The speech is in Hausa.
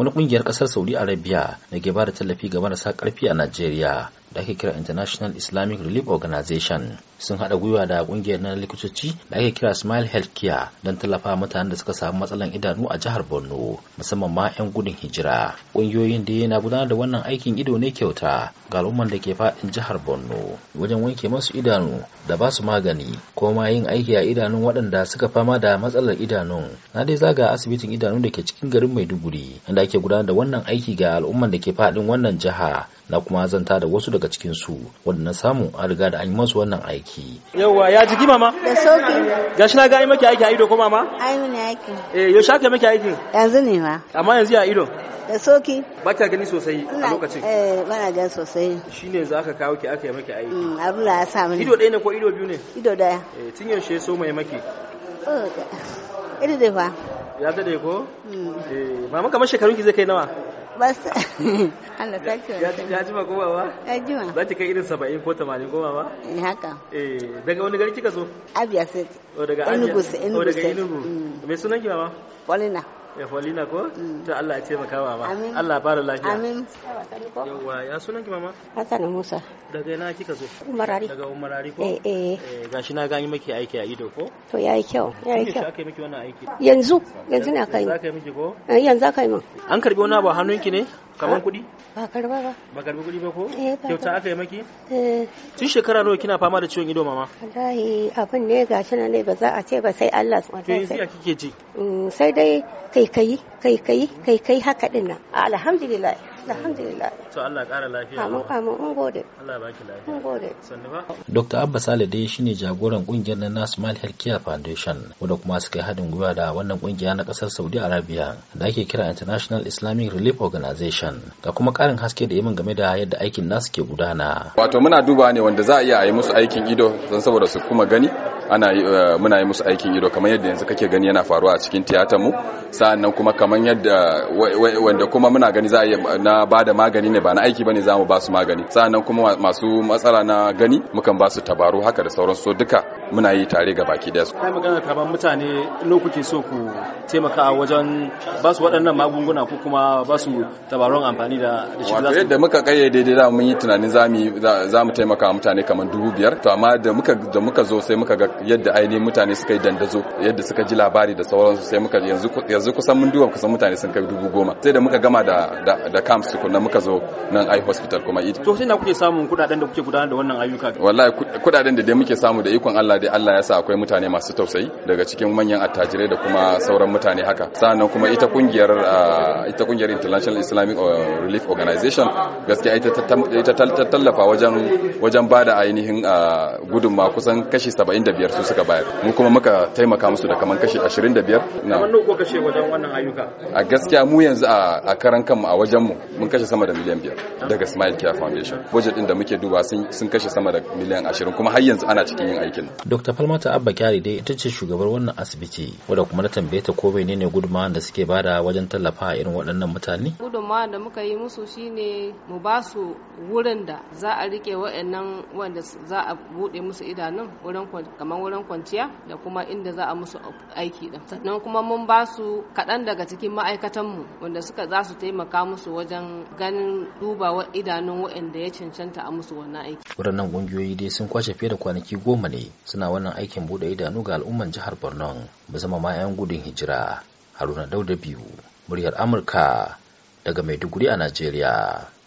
wani kungiyar kasar saudi arabia da ke da tallafi ga marasa karfi a najeriya da ake kira International Islamic Relief Organization sun haɗa gwiwa da kungiyar na likitoci da ake kira Smile care don tallafa mutanen da suka samu matsalan idanu a jihar Borno musamman ma 'yan gudun hijira. Ƙungiyoyin da na gudanar da wannan aikin ido ne kyauta ga al'umman da ke faɗin jihar Borno wajen wanke masu idanu da ba su magani ko ma yin aiki a idanun waɗanda suka fama da matsalar idanun. Na dai zaga asibitin idanu da ke cikin garin Maiduguri inda ake gudanar da wannan aiki ga al'umman da ke faɗin wannan jiha na kuma zanta da wasu da daga cikin su wanda samu an riga da an yi masu wannan aiki yawa ya jiki mama da sauki gashi na ga yi maki aiki a ido ko mama ai mun aiki eh yo aka maki aiki yanzu ne ma amma yanzu a ido da soki ba ka gani sosai a lokacin eh bana gani sosai shine za ka kawo ki aka yi maki aiki mm, abu la ya sa mini ido ɗaya ne ko ido biyu ne ido ɗaya eh tun yaushe so mai maki oh, ido da fa ya dade ko mm. eh mama kamar shekarun ki zai kai nawa bas Allah sarki wani. Ya jima goma ba? Ya jima. Za ki kai irin saba'in ko tamanin goma ba? Eh haka. Eh daga wani gari kika zo? Abia State. O oh, daga Abia. Enugu State. O oh, daga Enugu. Mm. Me sunan ki mama? Paulina. Ya Paulina ko? Mm. To Allah ya taimaka ma. Amin. Allah ya fara lafiya. Amin. yawa ya sunan ki mama? Hassan Musa. Daga ina kika zo? Umarari. Daga Umarari ko? Eh eh. eh gashi na gani maki aiki a ido ko? To yayi kyau. Yayi kyau. Aka yi miki wannan aiki. Yanzu yanzu ne aka yi. Yanzu aka yi miki ko? Eh, yanzu aka yi min. An karbi wani abu hannunki ne? kamar kuɗi ba karba ba ba karbi kuɗi ba ko eh, kyauta aka yi maki eh. tun shekara nawa kina fama da ciwon ido mama wallahi abin ne gashi nan ne ba za a ce ba sai Allah to wa ta'ala kike ji mm, sai dai kai kai kai kai kai kai haka din nan alhamdulillah alhamdulillah to Allah ƙara lafiya amin amin mun gode Allah baki lafiya mun gode Dr. Abba Sale dai shine jagoran kungiyar na National Health Care Foundation wanda kuma suka yi haɗin gwiwa da wannan kungiya na ƙasar Saudi Arabia da ake kira International Islamic Relief Organization kenan ga kuma karin haske da yamin game da yadda aikin nasu ke gudana wato muna duba ne wanda za a iya a yi musu aikin ido don saboda su kuma gani ana eh, muna yi musu aikin ido kamar yadda yanzu kake gani yana faruwa a cikin tiyatar mu sa'annan kuma kamar yadda wanda kuma muna gani za a na ba da magani ne ba na aiki bane za mu ba su magani sa'annan kuma masu matsala na gani mukan ba su tabaru haka da sauran so duka muna yi tare ga baki daya su kai magana kamar mutane no kuke so ku taimaka wajen ba su waɗannan magunguna ko kuma ba su tabarun amfani da shi yadda muka kayyade da mun yi tunanin za mu taimaka mutane kamar dubu biyar to amma da muka da muka zo sai muka ga yadda ainihin mutane suka yi dandazo yadda suka ji labari da sauransu sai muka yanzu yanzu kusan mun duba kusan mutane sun kai dubu goma sai da muka gama da da camps tukunna muka zo nan ai hospital kuma ita to na kuke samun kudaden da kuke gudanar da wannan ayyuka wallahi kudaden da dai muke samu da ikon Allah dai Allah ya sa akwai mutane masu tausayi daga cikin manyan attajirai da kuma sauran mutane haka sannan kuma ita kungiyar ah, ita kungiyar International Islamic ah, Relief Organization gaskiya ita ta tallafa wajen wajen bada ainihin ah, gudunma kusan kashi 75 biyar su suka bayar mu kuma muka taimaka musu da kaman kashi ashirin da biyar na kashe wajen wannan ayyuka a gaskiya mu yanzu a karan kanmu a wajen mu mun kashe sama da miliyan biyar daga smile care foundation budget din da muke duba sun kashe sama da miliyan ashirin kuma har yanzu ana cikin yin aikin dr falmata abba kyari dai ita ce shugabar wannan asibiti wadda kuma na tambaye ta ko menene gudunmawa da suke bada wajen tallafa irin waɗannan mutane gudunmawa da muka yi musu shine mu ba su wurin da za a rike wa'annan wanda za a buɗe musu idanun wurin kamar wurin kwanciya da kuma inda za a musu aiki din sannan kuma mun ba su kaɗan daga cikin ma'aikatanmu wanda suka za su taimaka musu wajen ganin wa idanun waɗanda ya cancanta a musu wannan aiki waɗannan ƙungiyoyi dai sun kwashe fiye da kwanaki goma ne suna wannan aikin buɗe idanu ga al'umman jihar borno musamman ma 'yan gudun hijira haruna dauda biyu muryar amurka daga maiduguri a najeriya